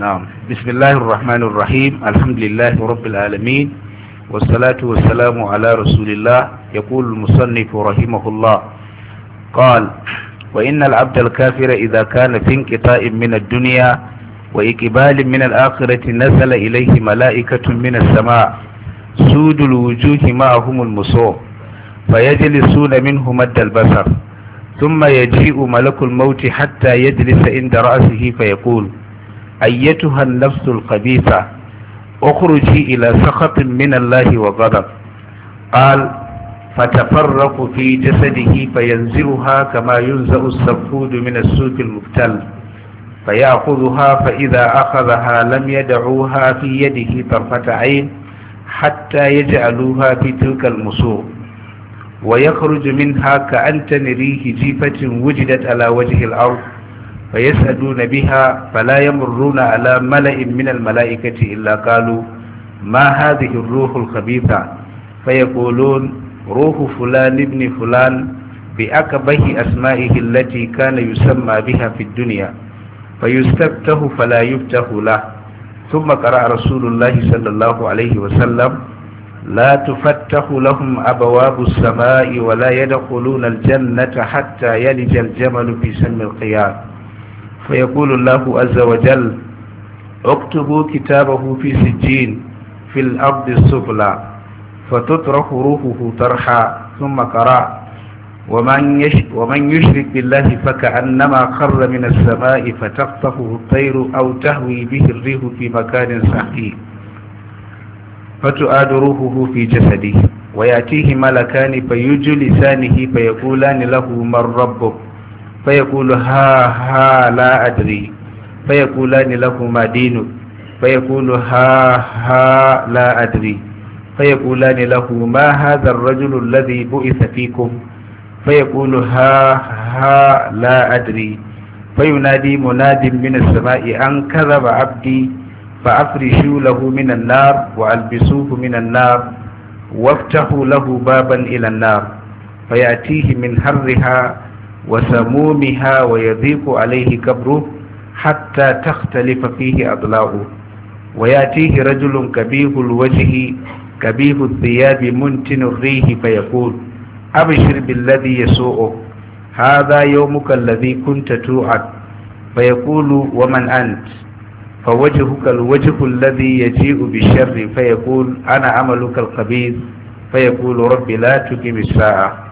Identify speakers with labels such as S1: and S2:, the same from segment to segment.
S1: نعم بسم الله الرحمن الرحيم الحمد لله رب العالمين والصلاة والسلام على رسول الله يقول المصنف رحمه الله قال وإن العبد الكافر إذا كان في انقطاع من الدنيا وإقبال من الآخرة نزل إليه ملائكة من السماء سود الوجوه معهم المصوم فيجلسون منه مد البصر ثم يجيء ملك الموت حتى يجلس عند رأسه فيقول أيتها النفس الخبيثة اخرجي إلى سخط من الله وغضب قال فتفرق في جسده فينزلها كما ينزل السفود من السوق المبتل فيأخذها فإذا أخذها لم يدعوها في يده طرفة عين حتى يجعلوها في تلك المصور ويخرج منها كأنتن تنريه جيفة وجدت على وجه الأرض فيسألون بها فلا يمرون على ملئ من الملائكة إلا قالوا ما هذه الروح الخبيثة فيقولون روح فلان ابن فلان بأكبه أسمائه التي كان يسمى بها في الدنيا فيستفتح فلا يفتح له ثم قرأ رسول الله صلى الله عليه وسلم لا تفتح لهم أبواب السماء ولا يدخلون الجنة حتى يلج الجمل في سلم القيام فيقول الله عز وجل اكتبوا كتابه في سجين في الأرض السفلى فتطرح روحه طرحا ثم قرأ ومن, يش ومن يشرك بالله فكأنما خر من السماء فتخطفه الطير أو تهوي به الريح في مكان سحيق فتؤاد روحه في جسده ويأتيه ملكان فيجلسانه فيقولان له من ربك فيقول ها ها لا أدري فيقولان له ما دينك فيقول ها ها لا أدري فيقولان له ما هذا الرجل الذي بؤث فيكم فيقول ها ها لا أدري فينادي مناد من السماء أن كذب عبدي فأفرشوا له من النار وألبسوه من النار وافتحوا له بابا إلى النار فيأتيه من حرها وسمومها ويضيق عليه كبره حتى تختلف فيه أضلاعه ويأتيه رجل كبيه الوجه كبيه الثياب منتن الريح فيقول أبشر بالذي يسوءك هذا يومك الذي كنت توعد فيقول ومن أنت فوجهك الوجه الذي يجيء بالشر فيقول أنا عملك القبيح فيقول رب لا تقم الساعة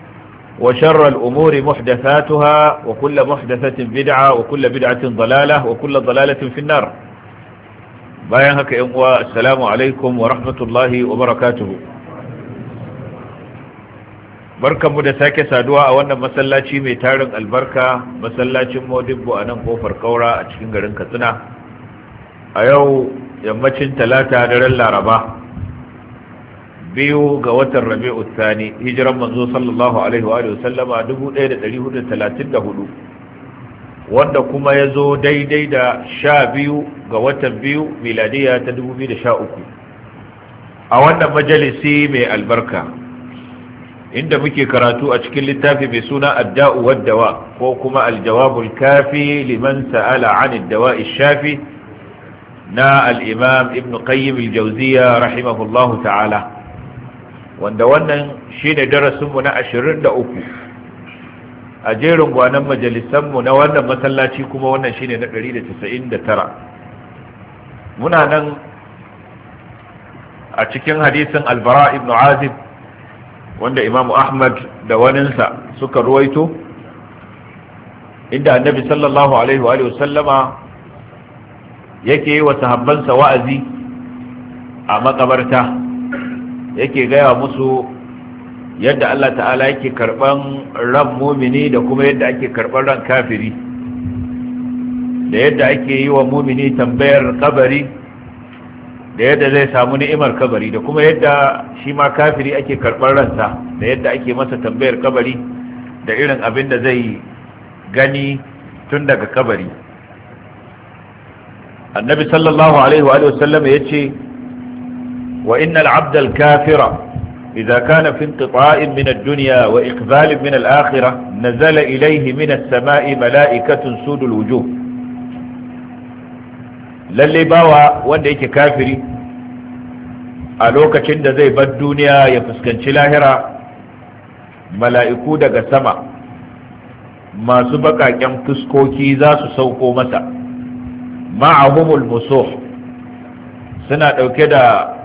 S2: وشر الأمور محدثاتها وكل محدثة بدعة وكل بدعة ضلالة وكل ضلالة في النار باين هكا السلام عليكم ورحمة الله وبركاته barkanmu da sake saduwa a wannan masallaci mai tarin albarka masallacin modibbo a nan kofar kaura a cikin garin katsina a yau yammacin talata daren laraba biyu ga watan rabi'u tsani hijiran manzo sallallahu alaihi wa sallama 1434 wanda kuma ya zo daidai da sha biyu ga watan biyu miladiya ta 2013 a wannan majalisi mai albarka inda muke karatu a cikin littafi mai suna adda'u waddawa ko kuma aljawabul kafi liman sa'ala an dawa'i shafi na al'imam ibn qayyim al-jauziya rahimahullahu ta'ala wanda wannan shine darasinmu na ashirin da uku a jerin gwanon majalisanmu na wannan masallaci kuma wannan shine na ɗari da da tara. muna nan a cikin hadisin albara ibn azib wanda imamu ahmad da waninsa suka ruwaito inda annabi sallallahu alaihi wa sallama yake yi wa sahabbansa wa'azi a makabarta yake gaya musu yadda Allah ta'ala yake karban ran mumini da kuma yadda ake karban ran kafiri da yadda ake yi wa mumini tambayar kabari da yadda zai samu ni'imar kabari da kuma yadda shi ma kafiri ake karban ransa da yadda ake masa tambayar kabari da irin abin da zai gani tun daga kabari annabi sallallahu alaihi wa sallam ya ce وإن العبد الكافر إذا كان في انقطاع من الدنيا وإقبال من الآخرة نزل ilaihi من السماء ملائكة سود الوجوه lalle bawa wanda yake kafiri a lokacin da zai bar duniya ya fuskanci lahira mala'iku daga sama masu baƙaƙen fuskoki za su sauko masa ma'ahumul musuh suna ɗauke da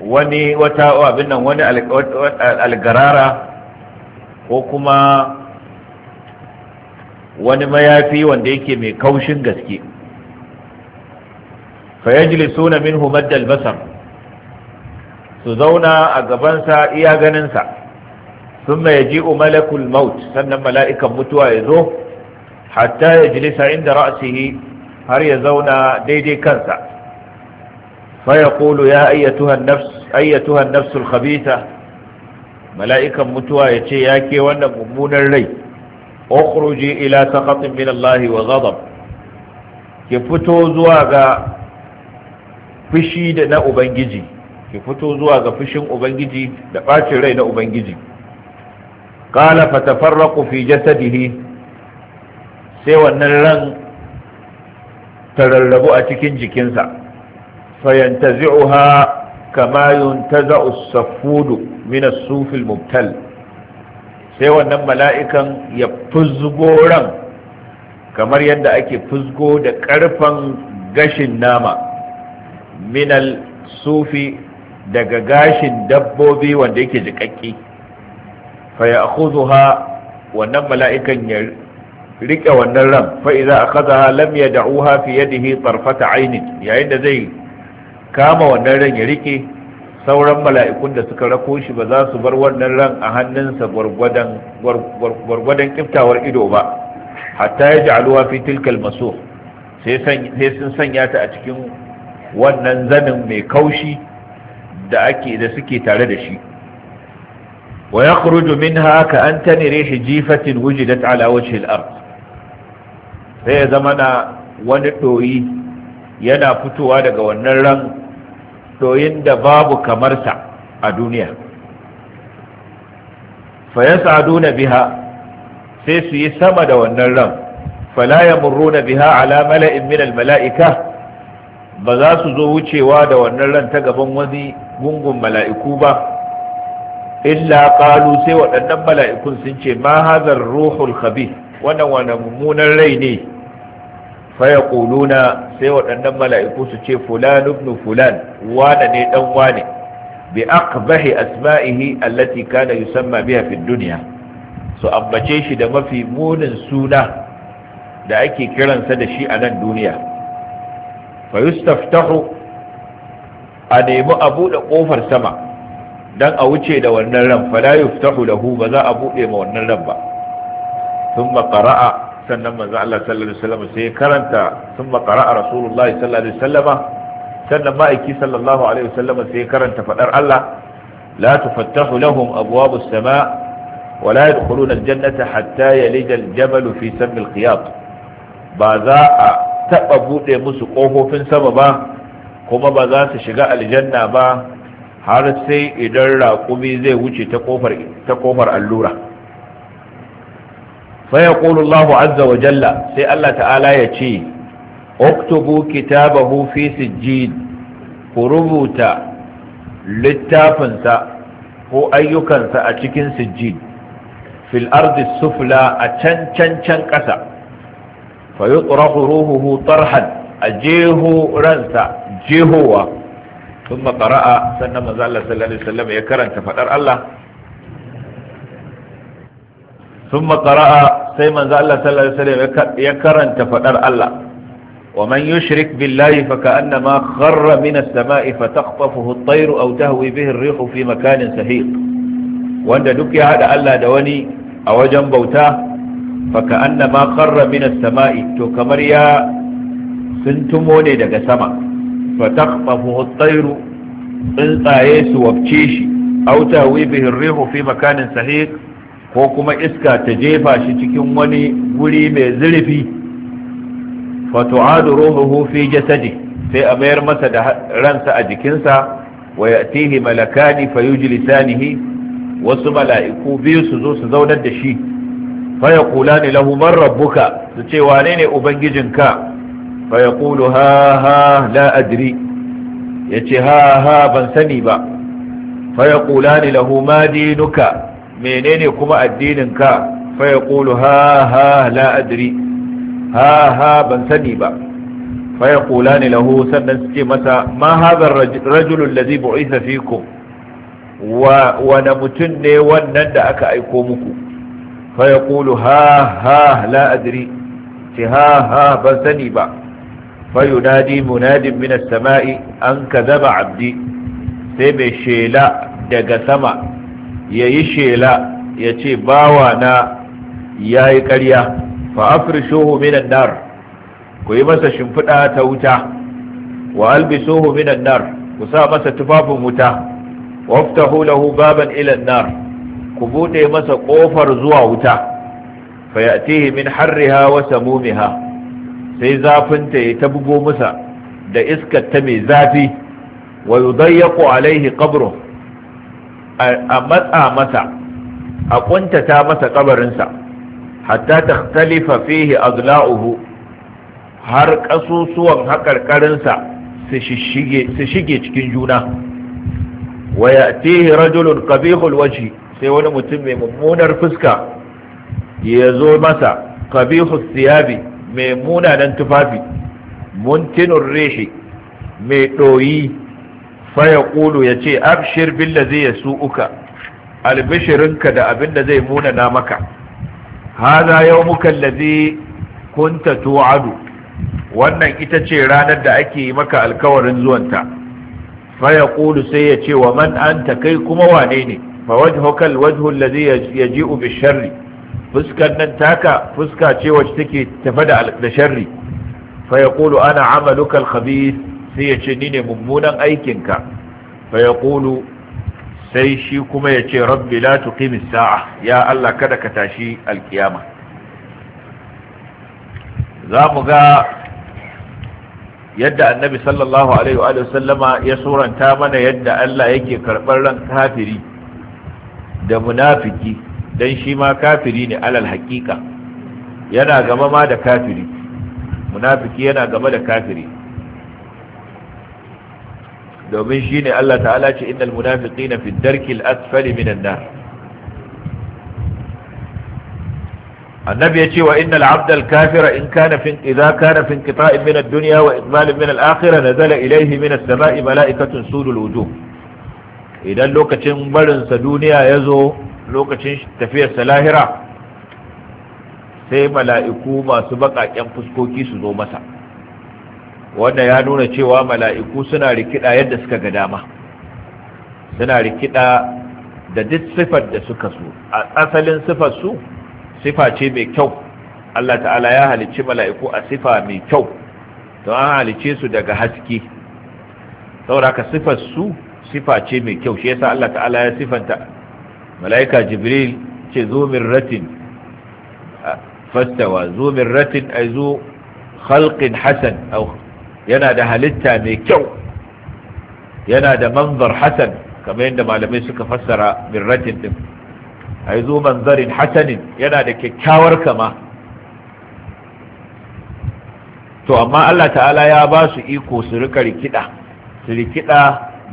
S2: wani wata abin nan wani algarara ko kuma wani mayafi wanda yake mai kaushin gaske fayajlisuna minhu maddal basar su zauna a gabansa iya ganinsa thumma ji malakul maut sannan mala'ikan mutuwa ya zo hatta yajlisa inda ra'sihi har ya zauna daidai kansa fayakulu ya ayyatuhan nafsul khabita mala'ikan mutuwa ya ce ya ke wannan mummunan rai okuruji ila sakatun min Allahi wa zadab ki fito zuwa ga fushi na ubangiji fushin ubangiji da ɓacin rai na ubangiji kala fatafarraku fi jasadihi sai wannan ran ta rarrabu a cikin jikinsa Fayanta zi'uha yuntaza'u safudu min as-suf al-mubtal sai wannan mala'ikan ya fuzgo ran kamar yadda ake fuzgo da ƙarfan gashin nama min sufi daga gashin dabbobi wanda yake jikakki fa ya'khudhuha wannan mala'ikan ya rike wannan ran fa idza akhadha da yad'uha fiye da tarfata aynin yayin da zai kama wannan ran ya rike sauran mala'ikun da suka rako shi ba za su bar wannan ran a hannunsa gwargwadon kiftawar ido ba hatta ya ji aluwa fi tilkal maso sai sun sanya ta a cikin wannan zanin mai kaushi da ake da suke tare da shi wa ya min haka an ta nire shi jifatin wujidat ala wajhil ard sai ya zama na wani ɗoyi yana fitowa daga wannan ran doyin da babu kamarsa a duniya na biha sai su yi sama da wannan ran fala na biha ala mala'in min mala'ika ba za su zo wucewa da wannan ran ta gaban wani gungun mala'iku ba illa ƙalu, sai waɗannan mala'ikun sun ce ma hazar ruhul khabi wannan wani mummunan rai ne faya kuluna sai waɗannan mala'iku su ce fulan ibn fulan wane ne dan wane bi aqbahi asma'ihi allati kana yusamma biha fi dunya su ambace shi da mafi munin suna da ake kiransa da shi a nan duniya fa yustaftahu a nemi a buɗe ƙofar sama don a wuce da wannan ran fala yuftahu lahu ba za a buɗe ma wannan ran ba sun makara'a sannan manzo Allah sallallahu alaihi wasallam sai karanta sun makara a rasulullahi sallallahu alaihi wasallama sannan ma'aiki sallallahu alaihi wasallama sai karanta fadar Allah la tufattahu lahum abwabus sama wa la yadkhuluna aljannata hatta yalija aljabalu fi alqiyat ba za a taba bude musu kofofin sama ba kuma ba za su shiga aljanna ba har sai idan raƙumi zai wuce ta kofar allura fa yaqulu Allahu azza wa jalla sai Allah ta'ala ya ce uktubu kitabahu fi sijjid ku rubuta littafinsa ko ayyukansa a cikin sijjid filardi sufla a can can can ƙasa fa yutrahu ruhuhu tarhan a jeho ransa jehowa ثم قرأ سنة مزال صلى الله عليه وسلم يكرن كفتر ثم قرأ سيما الله صلى الله عليه وسلم يكرن تفدر الله ومن يشرك بالله فكأنما خر من السماء فتخطفه الطير أو تهوي به الريح في مكان سهيق وأن دكي هذا الله دوني أو جنبوتاه فكأنما خر من السماء تكمريا سنتموني دك سما فتخطفه الطير انطايس وابتشيش أو تهوي به الريح في مكان سهيق ko kuma iska ta jefa shi cikin wani guri mai zurfi fatu'adu ruhuhu fi jasadi sai a mayar masa da ransa a jikinsa wa ya'tihi malakani fayujlisanihi wasu mala'iku biyu su zo su zaunar da shi fa ni lahu man rabbuka su ce wane ne ubangijinka fa yaqulu ha ha la adri yace ha ha ban sani ba fa ni lahu ma dinuka menene kuma addinin ka fa yaqulu ha ha la adri ha ha ban sani ba fa ne lahu sannan suke masa ma hadha ar-rajul alladhi bu'itha fikum wa wana mutun ne wannan da aka aiko muku fa kulu ha ha la adri ce ha ha ban sani ba fa yunadi munadin min samai an ka kadhaba 'abdi sai mai shela daga sama ya yi shela ya ce bawana ya yi karya. fa afrishuhu minan nar ku yi masa shimfiɗa ta wuta wa albisuhu minan nar ku sa masa tufafin wuta Wafta lahu baban ilan nar ku buɗe masa ƙofar zuwa wuta fa min harriha wa samumiha sai zafinta ya ta bugo masa da iskar ta mai zafi wa yudayyaqu alaihi qabruhu a matsa masa a kuntata masa kabarinsa hatta takhtalifa fihi azla'uhu har kasusuwan haƙarƙarinsa su shige cikin juna wa ya'tihi rajulun qabihul wajhi sai wani mutum mai mummunar fuska ya zo masa qabihus siyabi mai munanan tufafi muntinur rihi mai ɗoyi faya ƙulu ya ce abshir billa zai ya su uka albishirinka da abin da zai munana maka haza yau muka lazi kunta tu'adu wannan ita ce ranar da ake yi maka alkawarin zuwanta faya ƙulu sai ya ce wa man anta kai kuma wane ne fa wajhukal wajhul ladhi yaji'u bi fuskar nan taka fuska ce wacce take tafa da sharri fa yaqulu ana amaluka al-khabith sai ya ce ni ne mummunan aikinka fa ya ƙulu sai shi kuma ya ce rabbi la tuqimis sa'a ya Allah kada ka tashi alkiyama za mu ga yadda annabi sallallahu alaihi wa sallama ya suranta mana yadda Allah yake karɓar ran kafiri da munafiki don shi ma kafiri ne alal haƙiƙa yana gama ma da kafiri munafiki yana gama da kafiri domin shi ne Allah ta'ala ce innal munafiqina na darkil asfali minan nar annabi ya wa innal abdal kafira in kana fi idza kana fi inqita'in min ad wa idlalin min al-akhirah nazala ilaihi min as-sama'i mala'ikatun idan lokacin barin duniya duniya yazo lokacin tafiyar lahira sai mala'iku masu baƙaƙen fuskoki su zo masa wanda ya nuna cewa mala'iku suna rikida yadda suka ga dama suna rikida da duk sifar da suka so a asalin sifar su sifa ce mai kyau Allah ta'ala ya halicci mala'iku a sifa mai kyau don an halicce su daga haske saboda ka sifar su sifa ce mai kyau shi yasa Allah ta'ala ya sifanta mala'ika jibril ce zo min ratin fastawa zo min ratin ay zo khalqin hasan yana da halitta mai kyau yana da manzar hasan kamar yadda malamai suka fassara birratin din ai zo manzarin hasanin yana da kyakkyawar kama to amma Allah ta'ala ya ba su iko su rika rikida su rikida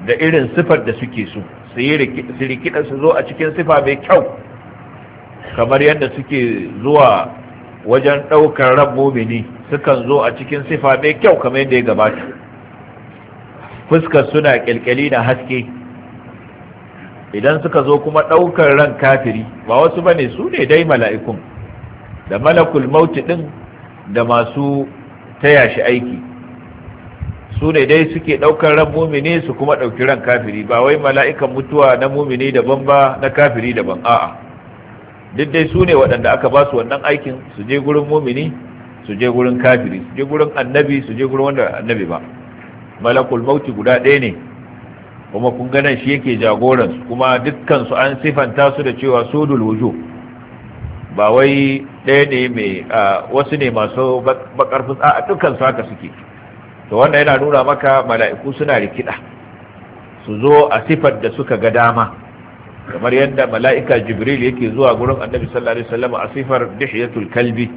S2: da irin sifar da suke so su yi rikida su zo a cikin sifa mai kyau kamar yadda suke zuwa wajen ɗaukar ran mumini sukan zo a cikin sifa mai kyau kamar yadda ya gabata fuskar suna kyalkyali da haske idan suka zo kuma ɗaukar ran kafiri ba wasu ba ne su ne dai mala'ikun da malakul mauti ɗin da masu taya shi aiki su ne dai suke ɗaukar ran mumini su kuma ɗauki ran kafiri ba wai mala'ikan mutuwa na mumini daban ba na kafiri daban a'a duk dai su ne waɗanda aka ba su wannan aikin su je gurin mumini su je gurin kafiri su je gurin annabi su je gurin wanda annabi ba malakul mauti guda ɗaya ne kuma kun gana shi yake jagoran su kuma dukkan su an sifanta su da cewa sudul wujo ba wai ɗaya ne mai wasu ne masu bakarfin a dukkan su haka suke to wannan yana nuna maka mala'iku suna rikida su zo a sifar da suka ga dama kamar yadda mala'ika jibril yake zuwa gurin annabi sallallahu alaihi wasallam a sifar dihiyatul kalbi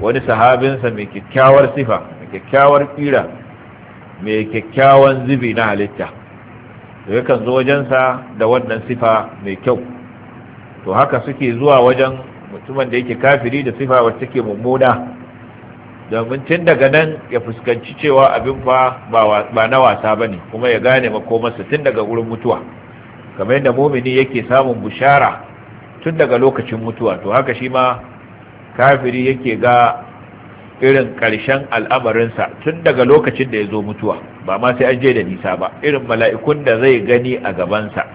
S2: wani sahabinsa mai kyakkyawar sifa mai kyakkyawar kira mai kyakkyawan zubi na halitta to ya kan zo wajensa da wannan sifa mai kyau to haka suke zuwa wajen mutumin da yake kafiri da sifa wacce ke mummuna domin tun daga nan ya fuskanci cewa abin fa ba na wasa ba ne kuma ya gane makomarsa tun daga wurin mutuwa kamar yadda mumini yake samun bushara tun daga lokacin mutuwa to haka shi ma kafiri yake ga irin ƙarshen al'amarinsa tun daga lokacin da ya zo mutuwa ba ma sai an je da nisa ba irin mala'ikun da zai gani a gabansa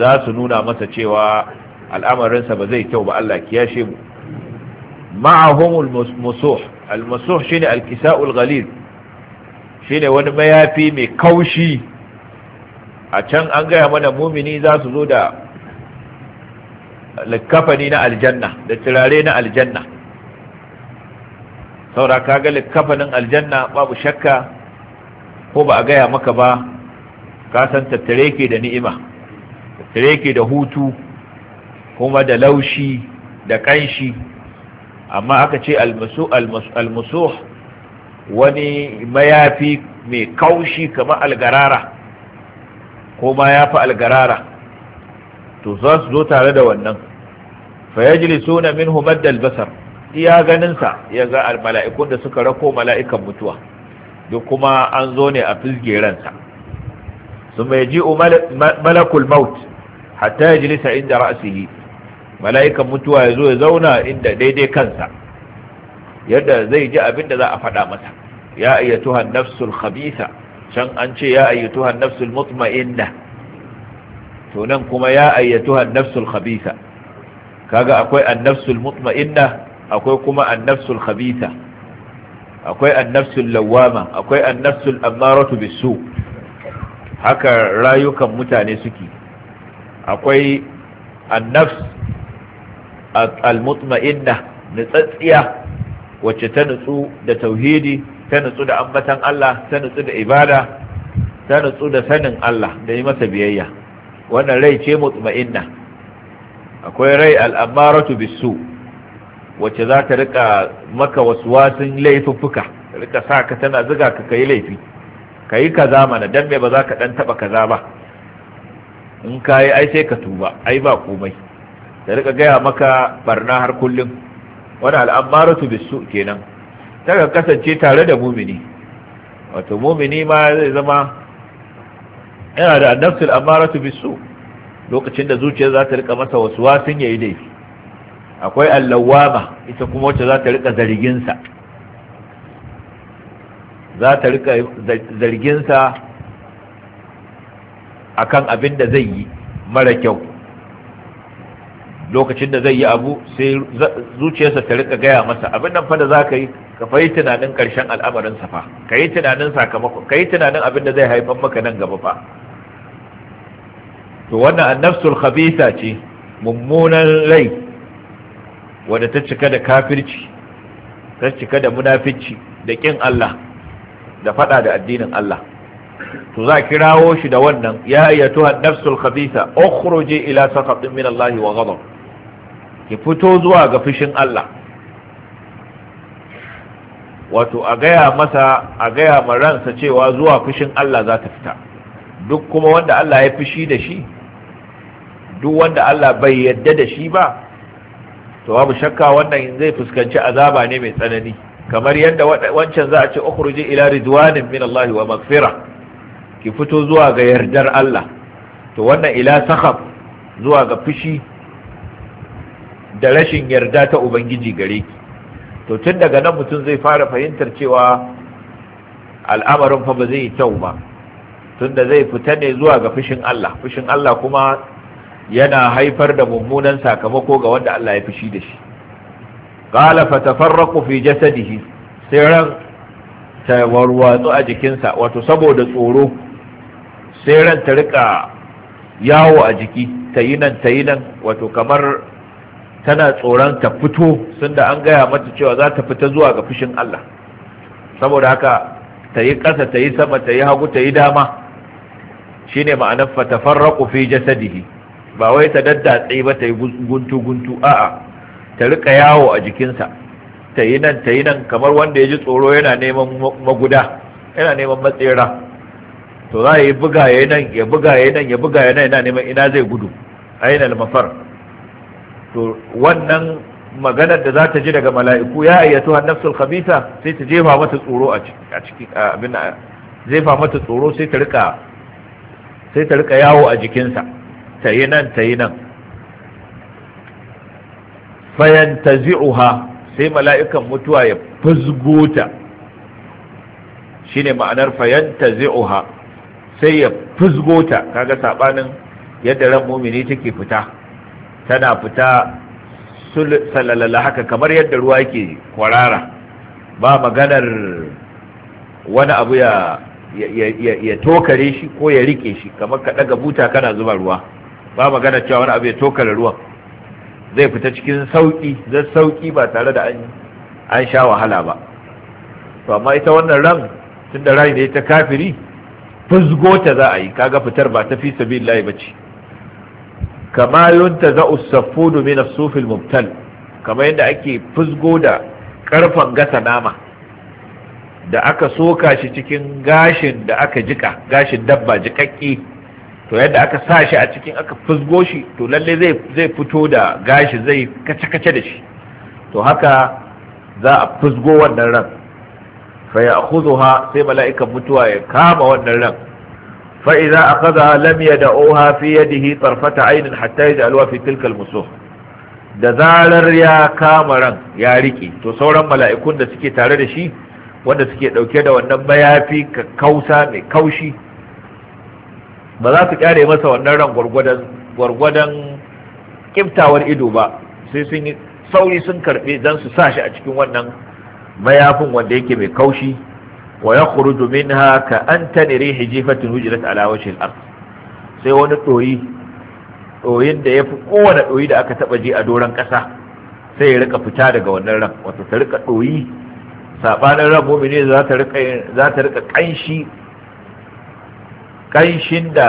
S2: za su nuna masa cewa al'amarinsa ba zai kyau ba Allah kiyashe mu ma'ahumul musuh al-musuh shine al-kisa'ul ghalid shine wani mayafi mai kaushi a can an gaya mana mumini za su zo da likafani na aljanna da turare na aljanna saura kaga likafanin aljanna babu shakka ko ba a gaya maka ba ka san tattare ke da ni'ima tattare ke da hutu kuma da laushi da kanshi amma aka ce almusuh wani mayafi mai kaushi kamar algarara ko ma ya fi algarara to za su zo tare da wannan fayajli suna min humadda albasar iya ganinsa ya ga mala'ikun suka rako mala'ikan mutuwa duk kuma an zo ne a fizgeransa su mai ji malakul maut hatta ya jilisa inda ra'asihi mala'ikan mutuwa ya zo ya zauna inda daidai kansa yadda zai ji abinda za a faɗa masa ya ayyatuhan nafsul khabisa can an ce ya ayyatuhan nafsul mutma'inna to nan kuma ya ayyatu an Khabisa, kaga akwai an mutma'inna akwai kuma an Khabisa, akwai an lawama akwai an Ammaratu amaratu bisu haka rayukan mutane suke akwai an al-mutma'inna nutsatsiya wacce ta nutsu da tauhidi ta nutsu da ambatan Allah ta nutsu da ibada ta nutsu da sanin Allah da yi masa biyayya wannan rai ce mutma'inna akwai rai al'amaratu bisu wacce za ta rika maka wasu wasu laifuffuka rika sa ka tana ziga ka kai laifi ka yi kaza mana don me ba za ka dan taba kaza ba in ka yi ai sai ka tuba ai ba komai ta rika gaya maka barna har kullum wani al'amaratu bisu kenan ta kasance tare da mumini wato mumini ma zai zama yana da annafsul amaratu bisu lokacin da zuciyar za ta rika masa wasu wasin yi laifi akwai allawama ita kuma wacce za ta rika zarginsa za ta rika zarginsa a akan abin da zai yi mara kyau lokacin da zai yi abu sai zuciyarsa ta rika gaya masa abin nan fa da za ka yi ka fa yi tunanin ƙarshen al'amarin safa fa ka yi tunanin sakamako. ka yi tunanin abin da zai haifar maka nan gaba fa to wannan annafsul khabitha ce mummunan rai wadda ta cika da kafirci ta cika da munafici da kin Allah da fada da addinin Allah to za ki rawo shi da wannan ya ayyatuha annafsul khabitha ukhruji ila saqatin min Allah wa ghadab ki fito zuwa ga fushin Allah wato a gaya masa a gaya ma ransa cewa zuwa fushin Allah za ta fita duk kuma wanda Allah ya fushi da shi duk wanda Allah bai yadda da shi ba to babu shakka wannan zai fuskanci azaba ne mai tsanani kamar yadda wancan za a ce ukhruji ila ridwanin min Allah wa maghfira ki fito zuwa ga yardar Allah to wannan ila sakhab zuwa ga fushi da rashin yarda ta ubangiji gare ki to tun daga nan mutum zai fara fahimtar cewa al'amarin fa ba zai yi kyau ba tunda zai fita ne zuwa ga fushin Allah fushin Allah kuma yana haifar da mummunan sakamako ga wanda Allah ya fushi da shi qala fatafarraqu fi jasadihi sai ran ta warwatsu a jikinsa wato saboda tsoro sai ran ta rika yawo a jiki ta yi nan ta yi nan wato kamar tana tsoron ta fito sun da an gaya mata cewa za ta fita zuwa ga fushin Allah saboda haka ta yi ƙasa ta yi sama ta yi hagu ta yi dama shine ma'anar fatafarraku fi jasadihi ba wai ta daddatsi ba ta yi guntu guntu a'a ta rika yawo a jikinsa ta yi nan ta yi nan kamar wanda ya ji tsoro yana neman maguda yana neman matsera to za yi buga ya nan ya buga ya nan ya buga ya nan yana neman ina zai gudu A aina mafar to wannan maganar da za ta ji daga mala'iku ya ayyatu nafsul khabitha sai ta jefa mata tsoro a cikin abin fa mata tsoro sai ta rika sai ta rika yawo a jikinsa ta yi nan ta yi nan zi'uha sai mala'ikan mutuwa ya fuzgota shine ma'anar fayanta zi'uha sai ya fuzgota kaga sabanin yadda ran mumini take fita tana fita salalala haka kamar yadda ruwa yake kwarara ba maganar wani abu ya ya tokare shi ko ya rike shi kamar ka ɗaga buta kana zuba ruwa ba magana cewa wani abu ya da ruwan zai fita cikin sauƙi. zai sauki ba tare da an sha wahala ba to amma ita wannan ran tun da rai ne ta kafiri fuzgo ta za a yi kaga fitar ba ta fi sabilillahi bace kama yunta za usaffudu min as-sufil mubtal kamar yadda ake fuzgo da karfan gasa nama da aka soka shi cikin gashin da aka jika gashin dabba jikakke to yadda aka sa shi a cikin aka fusgo shi to lalle zai zai fito da gashi zai kace-kace da shi to haka za a fusgo wannan ran fa ya'khudha sai mala'ikan mutuwa ya kama wannan ran Fa'iza a akhadha lam yad'uha fi yadihi tarfata aynin hatta ainin fi da al musu. da zarar ya kama ran ya riƙe. to sauran mala'ikun da suke tare da shi wanda suke ɗauke da wannan mayafi kausa mai kaushi ba za su kyare masa wannan ran gwargwadon gwargwadon kiftawar ido ba sai sun yi sauri sun karbe dan su sa shi a cikin wannan mayafin wanda yake mai kaushi wa yakhruju minha ka antani rihi jifatin hujrat ala wajhi al-ard sai wani doyi doyin da yafi kowane doyi da aka taba ji a doron kasa sai ya rika fita daga wannan ran wato ta rika doyi sabanin ran mu'mini za ta rika za Kanshin da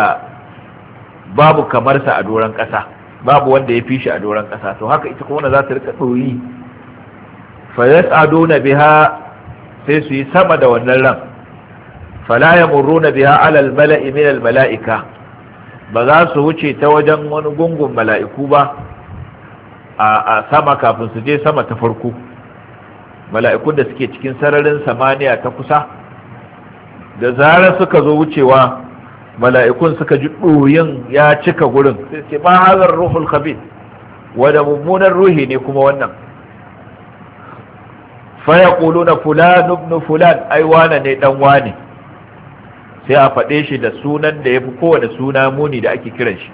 S2: babu kamarsa a doron ƙasa babu wanda ya fi shi a doron ƙasa to haka ita kuma za ta rika ɗoyi fa yas'aduna biha sai su yi sama da wannan ran fala yamurruna biha alal al-mala'i min al-mala'ika ba za su wuce ta wajen wani gungun mala'iku ba a sama kafin su je sama ta farko mala'ikun da suke cikin sararin samaniya ta kusa da zarar suka zo wucewa mala'ikun suka ji ɗoyin ya cika gurin sai ce ma hazar ruhul khabith mummunan ruhi ne kuma wannan fa na fulan ibn fulan ai wane ne dan wane sai a faɗe shi da sunan da yafi kowane suna muni da ake kiran shi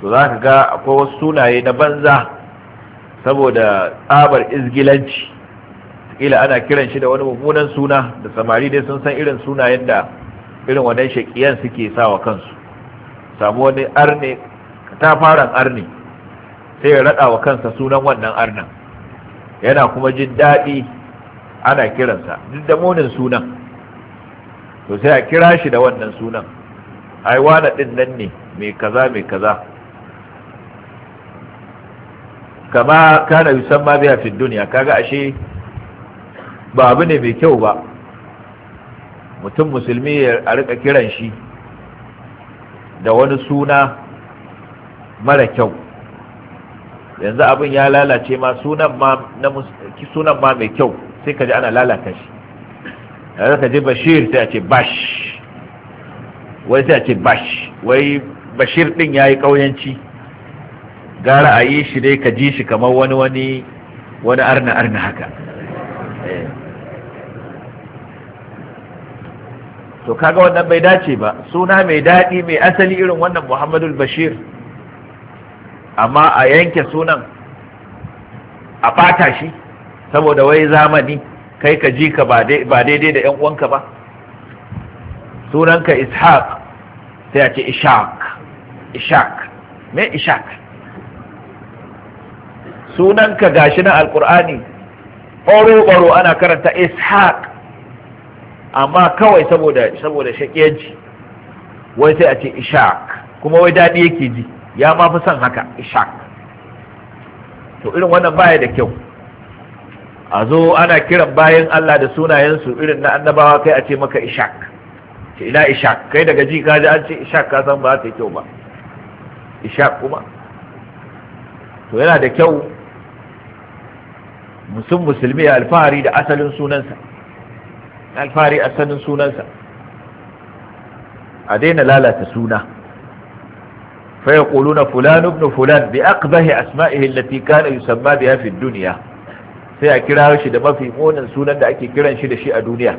S2: to za ka ga akwai wasu sunaye na banza saboda tsabar izgilanci kila ana kiran shi da wani mummunan suna da samari dai sun san irin sunayen da irin wannan shakiyan suke sa wa kansu samu wani arne ta faran arne sai ya raɗa wa kansa sunan wannan arnan yana kuma jin daɗi ana kiransa duk da munin sunan to sai a kira shi da wannan sunan aiwana ɗin nan ne mai kaza mai kaza kama kana yusamma biya fi duniya kaga ashe ba abu ne mai kyau ba mutum musulmi ya rika kiran shi da wani suna mara kyau yanzu abin ya lalace ma sunan ma mai kyau sai ka ji ana lalata shi yanzu ka ji bashir sai a ce bash wai sai a ce bash wai bashir din ya yi ƙauyanci gara a yi shi dai ka ji shi kamar wani wani wani arna arna haka to kaga wannan bai dace ba suna mai daɗi mai asali irin wannan muhammadul bashir amma a yanke sunan a ɓata shi saboda wai zamani kai ka ji ka ba daidai da 'yan uwanka ba sunanka ishaq sai a ce ishaq ishaq me ishaq sunanka gashi na alkur'ani ɓaro-ɓaro ana karanta ishaq amma kawai saboda saboda shakiyanci wai sai a ce ishaq kuma wai daɗi yake ji ya ma fi son haka ishaq to irin wannan baya da kyau a zo ana kiran bayan Allah da sunayensu irin na annabawa kai a ce maka ishaq ce ina ishaq kai daga ji ka ji an ce ishaq ka san ba ta kyau ba ishaq kuma to yana da kyau musun musulmi ya alfahari da asalin sunansa alfari a sanin sunansa a daina lalata suna fa yaquluna fulan ibn fulan bi aqbahi asma'ihi allati kana yusamma biha fi dunya sai a kira shi da mafi munin sunan da ake kiran shi da shi a duniya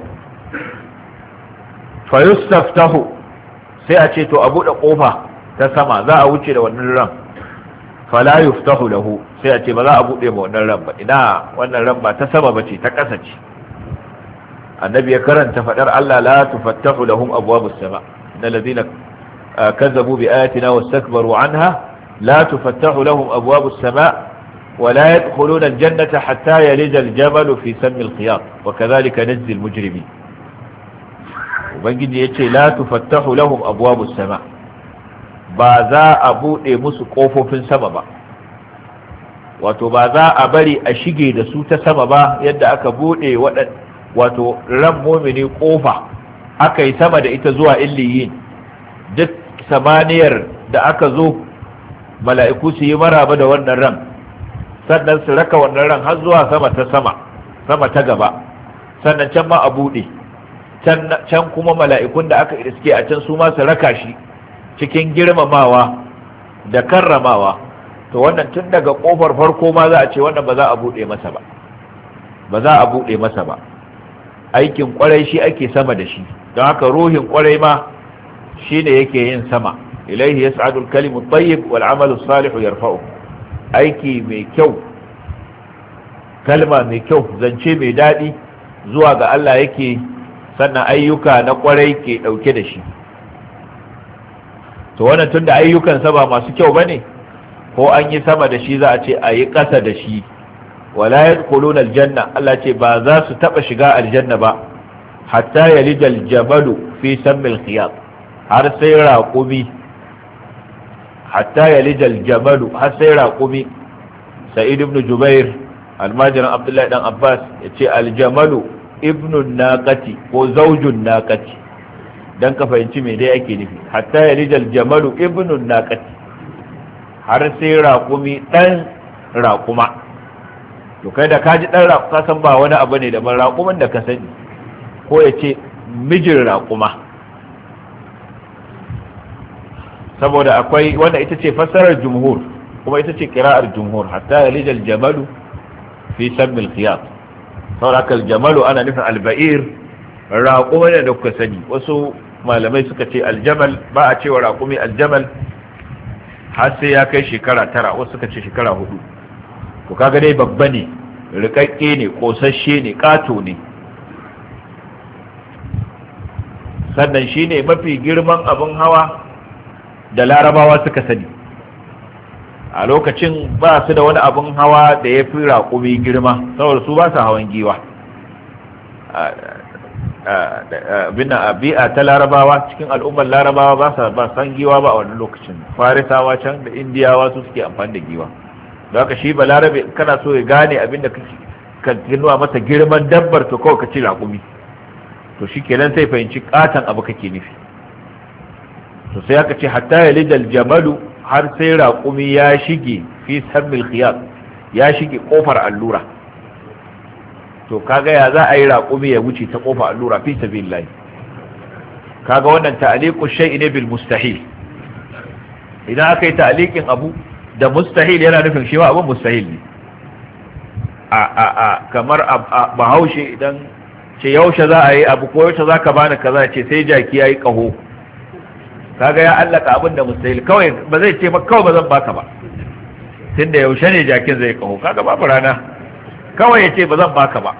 S2: fa yustaftahu sai a ce to a buɗe ƙofa ta sama za a wuce da wannan ran fala yuftahu lahu sai a ce ba za a buɗe ma wannan ran ba ina wannan ran ba ta sama ce, ta ƙasa ce annabi ya karanta fadar Allah la tufattahu lahum abwabus sama innal ladina kazzabu bi ayatina wastakbaru anha la tufattahu lahum abwabus sama ولا يدخلون الجنة حتى يلج الجبل في سم الخياط وكذلك نجزي المجرمين وبنجي يتشي لا تفتح لهم أبواب السماء بازا أبو إيمس قوفو في السماء wato ba za a bari a shige da su ta sama ba yadda aka buɗe wato ran mumini kofa aka yi sama da ita zuwa illiyin duk samaniyar da aka zo mala'iku su yi maraba da wannan ran sannan su raka wannan ran har zuwa sama ta sama sama ta gaba sannan can ma a buɗe can kuma mala'ikun da aka iske a can su ma su raka shi cikin girmamawa da karramawa to wannan tun daga kofar farko ma za a ce wannan ba za a buɗe masa ba ba za a buɗe masa ba aikin kwarai shi ake sama da shi don haka ruhin kwarai ma shi ne yake yin sama ilaihi yas'adul kalimu tayyib wal salihu yarfa'u aiki mai kyau kalma mai kyau zance mai daɗi zuwa ga Allah yake sannan ayyuka na kwarai ke ɗauke da shi to wannan tunda ayyukansa ba masu kyau bane ko an yi sama da shi za a ce a yi ƙasa da shi wala yadkhuluna aljanna Allah ce ba za su taba shiga aljanna ba hatta yalija aljabalu fi sammil khiyat har sai raƙumi. hatta yalija aljabalu har sai raƙumi. sa'id ibn jubair almajiran abdullahi dan abbas ya ce aljamalu ibnu naqati ko zaujun naqati dan ka fahimci me dai ake nufi hatta yalija Jamalu, ibnu naqati har sai raƙumi dan raƙuma. to kai da kaji dan raku ka san ba wani abu ne da ban raƙuman da ka sani ko ya ce mijin raƙuma saboda akwai wanda ita ce fassarar jumhur kuma ita ce kira'ar jumhur hatta lijal jamalu fi sammil khiyat saboda aka jamalu ana nufin alba'ir raƙuma ne da kuka sani wasu malamai suka ce aljamal ba a cewa raƙumi aljamal har sai ya kai shekara tara wasu suka ce shekara hudu to kaga dai babba ne rikakke ne kosashe ne kato ne sannan shi ne mafi girman abin hawa da larabawa suka sani a lokacin ba su da wani abin hawa da ya fi raƙumi girma saboda su ba su hawan giwa a bi'a ta larabawa cikin al'ummar larabawa ba su san giwa ba a wani lokacin farisawa can da indiyawa su suke amfani da giwa da haka shi balarabe kana so ya gane abin da ka nuna masa girman dabbar to kawai ka ci raƙumi to shi kenan sai fahimci katon abu kake nufi to sai aka ce hatta ya lidal jamalu har sai raƙumi ya shige fi sammil khiyar ya shige kofar allura to kaga ya za a yi raƙumi ya wuce ta kofar allura fi sabilillah kaga wannan ta'liqu shay'in bil mustahil idan aka yi ta'liqin abu da mustahil yana nufin shi ma abin mustahil ne a a a kamar bahaushe idan ce yaushe za a yi abu ko yaushe za ka bani kaza ce sai jaki ya yi ƙaho kaga ya allaka abin da mustahil kawai ba zai ce ba kawai ba zan baka ba tun da yaushe ne jakin zai ƙaho kaga babu rana kawai ya ce ba zan baka ba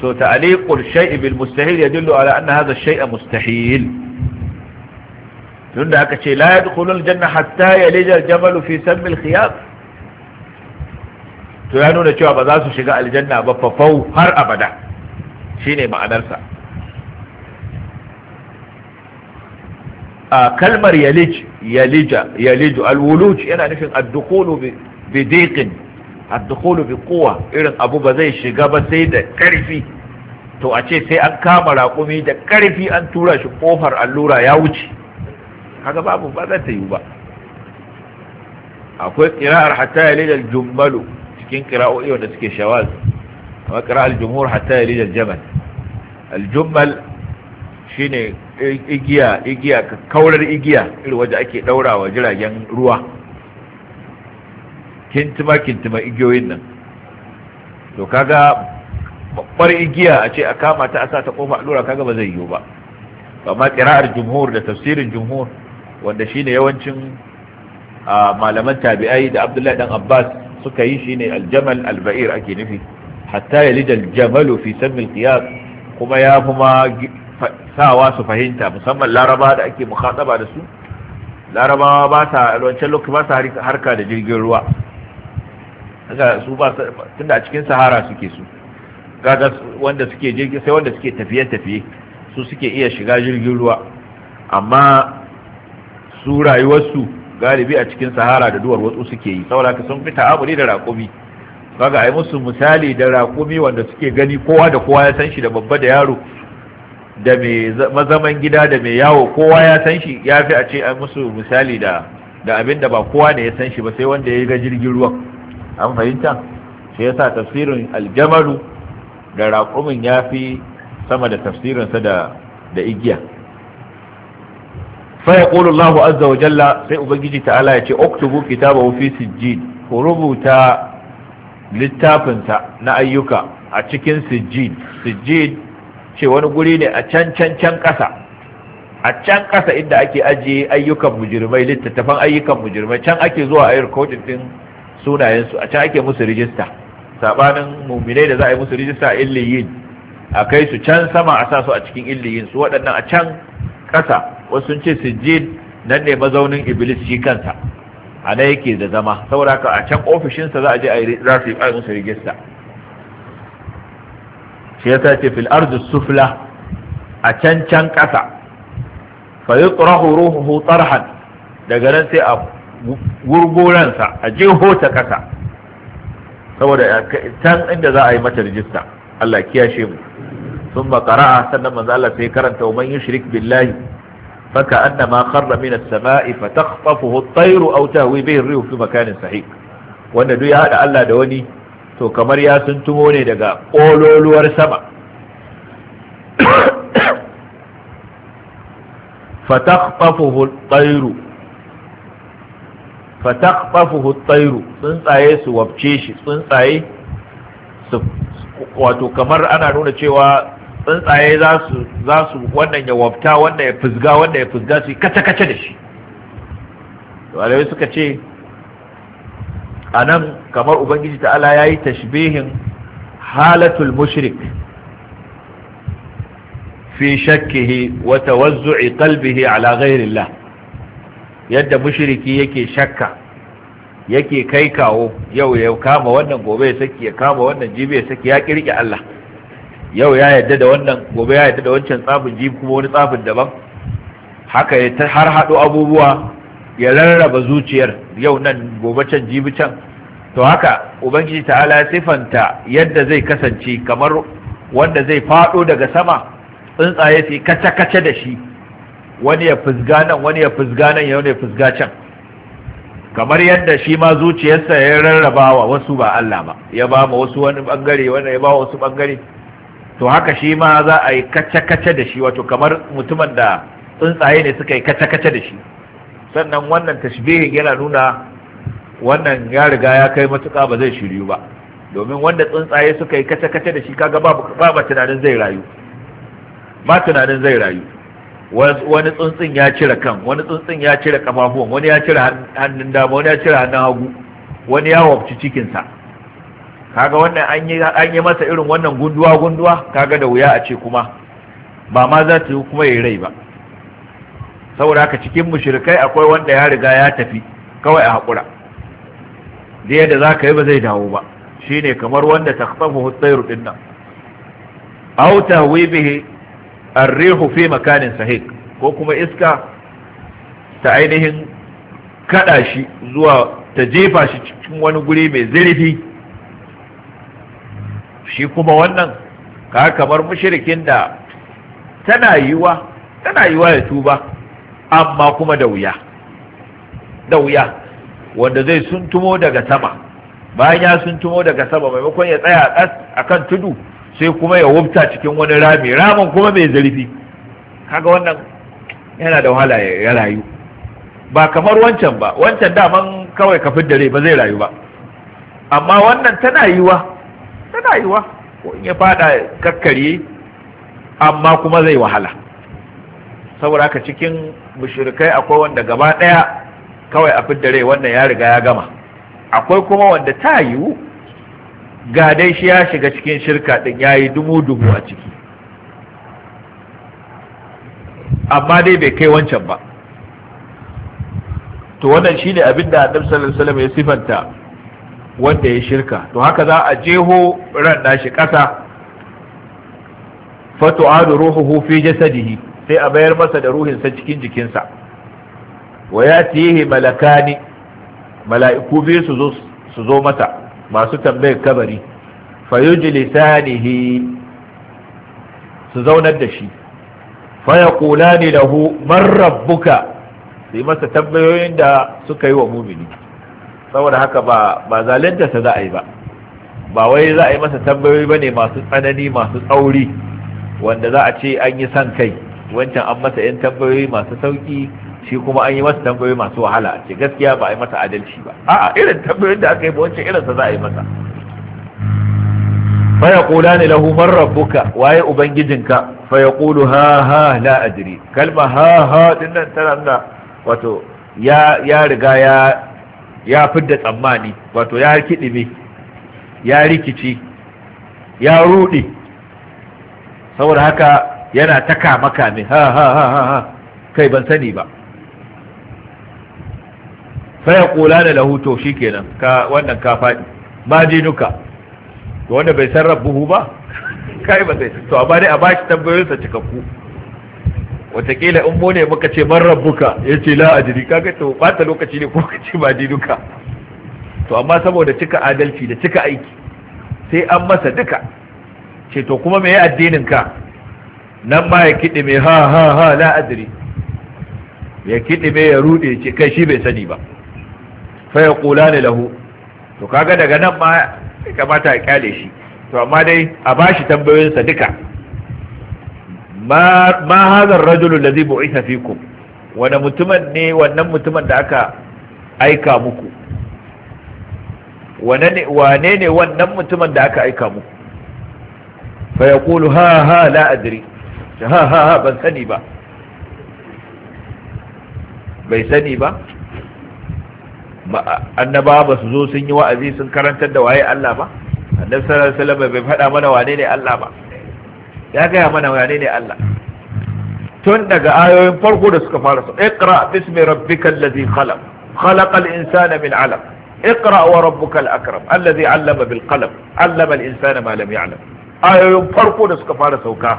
S2: to ta'aliqul shay'i bil mustahil yadullu ala anna hadha ash-shay'a mustahil tunda aka ce la yadkhulul janna hatta yalija al-jamal fi samm al to ya nuna cewa ba za su shiga aljanna ba fafau har abada shine ma'anarsa a kalmar yalij yalija yaliju alwuluj yana nufin ad-dukhulu bi diqin ad bi irin abu ba zai shiga ba sai da karfi to a ce sai an kama raƙumi da karfi an tura shi kofar allura ya wuce haka babu ba za ta yi ba akwai kira'ar hatta ya lidar jumbalu cikin kira'o'i wanda suke shawal amma kira'ar jumhur hatta ya lidar jamal aljummal shi ne igiya igiya kaurar igiya irin waje ake daura wa jiragen ruwa kintima kintima igiyoyin nan to kaga babbar igiya a ce a kama ta a sa ta kofa allura kaga ba zai yiwu ba amma kira'ar jumhur da tafsirin jumhur wanda shine yawancin malaman tabi'ai da abdullahi dan abbas suka yi shi ne aljamal alba'ir ake nufi hatta yalid aljamalu fi sammi alqiyas kuma ya kuma sawa su fahimta musamman laraba da ake mukhataba da su Laraba ba ta wancan lokaci ba ta harka da jirgin ruwa haka su ba tunda a cikin sahara suke su kaga wanda suke jirgi sai wanda suke tafiye tafiye su suke iya shiga jirgin ruwa amma su rayuwarsu galibi a cikin sahara da duwar wasu suke yi saboda ka sun fi ta'amuli da raƙumi kaga ai musu misali da raƙumi wanda suke gani kowa da kowa ya san shi da babba da yaro da mai mazaman gida da mai yawo kowa ya san shi ya fi a ce ai musu misali da da abin da ba kowa ne ya san shi ba sai wanda ya ga jirgin ruwan an fahimta shi yasa tafsirin aljamaru da raƙumin ya fi sama da tafsirinsa da da igiya fa yaqulu Allahu azza wa jalla sai ubangiji ta'ala ya ce uktubu kitabahu fi sijjin ku rubuta littafinsa na ayyuka a cikin sijjin sijjin ce wani guri ne a can can can ƙasa a can ƙasa inda ake ajiye ayyukan mujirmai littattafan ayyukan mujirmai can ake zuwa a yi rikodin din sunayensu a can ake musu rijista sabanin muminai da za a yi musu rijista a illiyin a kai su can sama a sa su a cikin illiyin su waɗannan a can ƙasa wasu sun ce sijjin nan ne mazaunin iblis shi kansa a nan yake da zama saboda haka a can ofishinsa za a je a yi rafi a musu rigista shi ya ce fil ardu sufla a can can ƙasa fa yi yutrahu ruhuhu tsarhan. daga nan sai a gurguransa a jeho ta ƙasa saboda can inda za a yi mata rijista Allah kiyashe mu sun makara'a sannan manzo Allah sai karanta wa man yushrik billahi فكأنما خر من السماء فتخطفه الطير أو تهوي به الريح في مكان صحيح wanda duk ya haɗa Allah da wani to kamar ya sun ne daga ƙololuwar sama fataƙafuhu tsairu tsuntsaye su wabce shi tsuntsaye wato kamar ana nuna cewa tsuntsaye za su wannan ya wafta wannan ya fusga wannan ya fusga su kace-kace da shi walawai suka ce a nan kamar ubangiji ta'ala ya yi tashbihin halatul mushrik fi shakkihi wata tawazzu'i kalbihi ala ghairillah yadda mushriki yake shakka yake kai kawo yau ya kama wannan gobe ya saki ya kama wannan jibi ya saki ya kirki Allah yau ya yadda da wannan gobe ya yadda da wancan tsafin jibi kuma wani tsafin daban haka ya har haɗo abubuwa ya rarraba zuciyar yau nan gobe can jibi can to haka ubangiji ta'ala ya sifanta yadda zai kasance kamar wanda zai faɗo daga sama tsuntsaye sai kace-kace da shi wani ya fusga nan wani ya fusga nan ya wani ya fusga can kamar yadda shi ma zuciyarsa ya rarrabawa wasu ba Allah ba ya ba wasu wani bangare wani ya ba wasu bangare to haka shi ma za a yi kace-kace da shi wato kamar mutumin da tsuntsaye ne suka yi kace-kace da shi sannan wannan tashbihin yana nuna wannan ya riga ya kai matuƙa ba zai shiryu ba domin wanda tsuntsaye suka yi kace-kace da shi kaga ba ba tunanin zai rayu ba tunanin zai rayu wani tsuntsun ya cire kan wani tsuntsun ya cire kafafuwan wani ya cire hannun dama wani ya cire hannun hagu wani ya wabci cikinsa kaga wannan an yi masa irin wannan gunduwa gunduwa kaga da wuya a ce kuma ba ma za ta yi kuma ya rai ba saboda haka cikin mushrikai akwai wanda ya riga ya tafi kawai a haƙura da yadda za ka yi ba zai dawo ba shi ne kamar wanda ta kafa hutsairu din nan auta wibihi arrihu fi makanin sahik ko kuma iska ta ainihin kada shi zuwa ta jefa shi cikin wani guri mai zurfi shi kuma wannan ka kamar mushirikin da tana yiwa tana yiwa ya tuba amma kuma da wuya da wuya wanda zai tumo daga sama bayan ya tumo daga sama maimakon ya tsaya a kan tudu sai kuma ya wubta cikin wani rami ramin kuma mai zarfi kaga wannan yana da wahala ya rayu ba kamar wancan ba wancan daman kawai kafin dare ba zai rayu ba amma wannan tana yiwa yana yiwa ko in ya fada kakkare amma kuma zai wahala saboda haka cikin mushrikai akwai wanda gaba daya kawai a fidda rai wannan ya riga ya gama akwai kuma wanda ta yiwu ga dai shi ya shiga cikin shirka din yayi dumu dumu a ciki amma dai bai kai wancan ba to wannan shine abinda da annabi sallallahu alaihi wasallam ya sifanta wanda ya shirka to haka za a jeho ran shi ƙasa fatu'adu ruhuhu fi jasadihi sai a bayar masa da ruhinsa cikin jikinsa wa yatihi malakani mala'iku biyu su zo mata masu tambayar kabari fayujlisanihi su zaunar da shi fayaqulani lahu man rabbuka sai masa tambayoyin da suka yi wa mumini saboda haka ba ba zalunta za a yi ba ba wai za a yi masa tambayoyi ba ne masu tsanani masu tsauri wanda za a ce an yi san kai wancan an masa yan tambayoyi masu sauki shi kuma an yi masa tambayoyi masu wahala a ce gaskiya ba a yi masa adalci ba a'a irin tambayoyin da aka yi ba wancan irin sa za a yi masa fa yaqulani lahu man rabbuka waye ubangijinka Faya yaqulu ha ha la adri kalma ha ha dinnan tana wato ya riga ya ya fidda tsammani wato ya kiɗime ya rikici ya rudi saboda haka yana ta kama kame ha ha ha ha kai ban sani ba sai ya kula da lahuto shikenan ka wannan ka faɗi ma dinuka to wanda bai san buhu ba kai ba sai to amma dai a bashi tambayoyinsa cikakku watakila in bone maka muka ce man rabbuka ya ce la ajiri kaga to bata lokaci ne ko kace ba ji duka to amma saboda cika adalci da cika aiki sai an masa duka ce to kuma me addinin ka nan ma ya kidi me ha ha ha la adri ya kidi me ya rude ce kai shi bai sani ba fa ya kula ne lahu to kaga daga nan ma kamata ya kyale shi to amma dai a bashi tambayoyinsa duka ma ma hadha ar-rajulu alladhi bu'itha fikum wani mutumin ne wannan mutumin da aka aika muku wane ne wannan mutumin da aka aika muku fa ya kulu ha ha la adri ha ha ha ban sani ba bai sani ba annaba ba su zo sun yi wa'azi sun karantar da waye Allah ba annabi sallallahu alaihi wasallam bai faɗa mana wane ne Allah ba ya gaya mana wane ne Allah tun daga ayoyin farko da suka fara su iqra bismi rabbikal ladhi khalaq khalaqal insana min 'alaq iqra wa rabbukal akram alladhi 'allama bil qalam 'allama al insana ma lam ya'lam ayoyin farko da suka fara sauka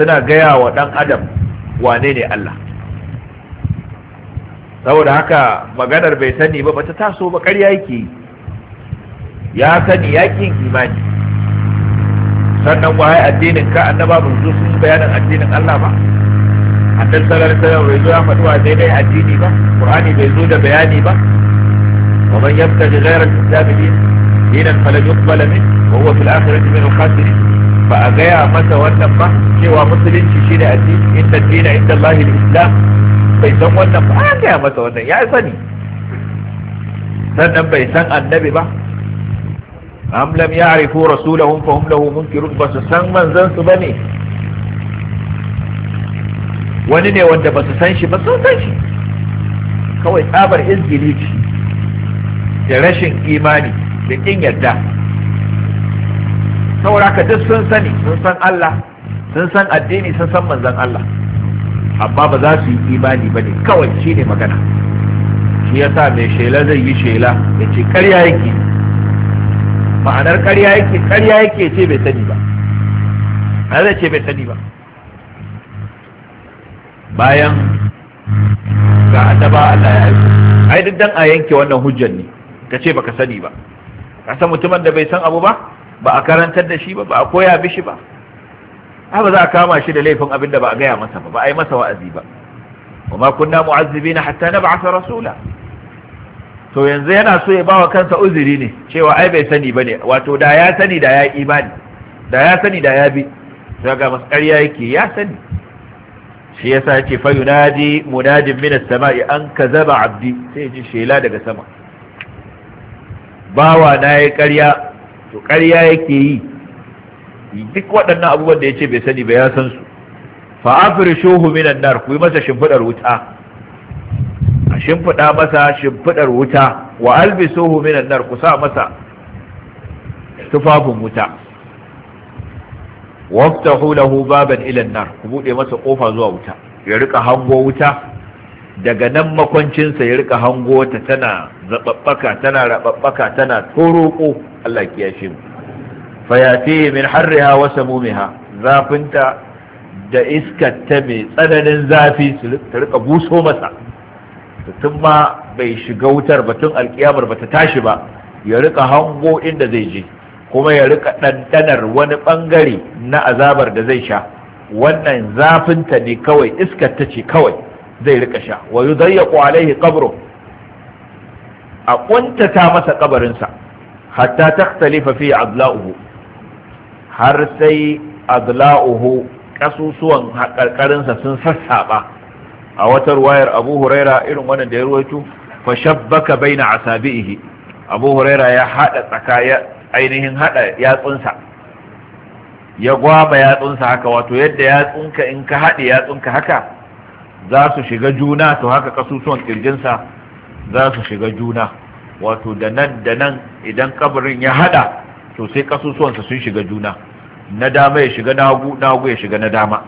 S2: suna gaya wa dan adam wane ne Allah saboda haka maganar bai sani ba bata taso ba ƙarya yake ya sani yakin imani sannan waye addinin ka annaba ba su sun bayanin addinin Allah ba annabi sallallahu alaihi wasallam bai zo ya faɗi wa daidai addini ba qur'ani bai zo da bayani ba wa man yabtaji ghayra al-islam dinan falan yuqbal min wa huwa fil akhirati min al-khasirin ba a gaya masa wannan ba cewa musulunci shine addini inda dina inda Allah al-islam bai san wannan ba a gaya masa wannan ya sani sannan bai san annabi ba am lam ya'rifu rasulahum fa hum lahu munkirun ba su san manzon su bane wani ne wanda ba su san shi ba sun san shi kawai tsabar izgilici da rashin imani da kin yadda sauraka duk sun sani sun san Allah sun san addini sun san manzon Allah amma ba za su yi imani ba ne kawai shi ne magana shi ya sa mai shela zai yi shela ya ce karya yake ma'anar karya yake karya yake ce bai sani ba Allah ce bai sani ba bayan ga annaba Allah ya aiko ai duk dan a yanke wannan hujjar ne ka ce baka sani ba ka san mutumin da bai san abu ba ba a karantar da shi ba ba a koya bishi ba ba za a kama shi da laifin abin da ba a gaya masa ba ba a yi masa wa'azi ba wa ma kunna mu'azzibina hatta nab'atha rasula to yanzu yana so ya bawa kansa uzuri ne cewa ai bai sani bane wato da ya sani da ya imani da ya sani da ya bi daga maskariya yake ya sani shi yasa yake fa yunadi munadin min as-sama'i an kazaba abdi sai ji shela daga sama bawa na ya ƙarya to ƙarya yake yi duk waɗannan abubuwan da ce bai sani ba ya san su fa afrishuhu minan nar ku yi masa shimfidar wuta shimfiɗa masa shimfiɗar wuta wa albisuhu minan nar ku sa masa tufafin wuta waftahu lahu baban ilan nar ku buɗe masa ƙofa zuwa wuta ya rika hango wuta daga nan makwancinsa ya rika hango ta tana zababbaka tana rababbaka tana toroko Allah ya shi fayati min harriha wa samumiha zafinta da iskar ta mai tsananin zafi su rika buso masa tun ma bai shiga wutar ba tun alkiyamar ba ta tashi ba ya rika hango inda zai je kuma ya rika ɗanɗanar wani ɓangare na azabar da zai sha wannan zafinta ne kawai iskar ta ce kawai zai rika sha wa yudayyaku alaihi qabru a kuntata masa kabarinsa hatta takhtalifa fi adla'uhu har sai adla'uhu kasusuwan ƙarƙarinsa sun sassaɓa. a wata ruwayar abu huraira irin wannan da ya ruwaito fa shabbaka baina asabihi abu huraira ya hada tsakaya ainihin hada yatsunsa ya gwaba yatsunsa haka wato yadda yatsunka in ka hade yatsunka haka za su shiga juna to haka kasusuwan kirjinsa za su shiga juna wato da nan da nan idan kabarin ya hada to sai kasusuwansa sun shiga juna na dama ya shiga nagu nagu ya shiga na dama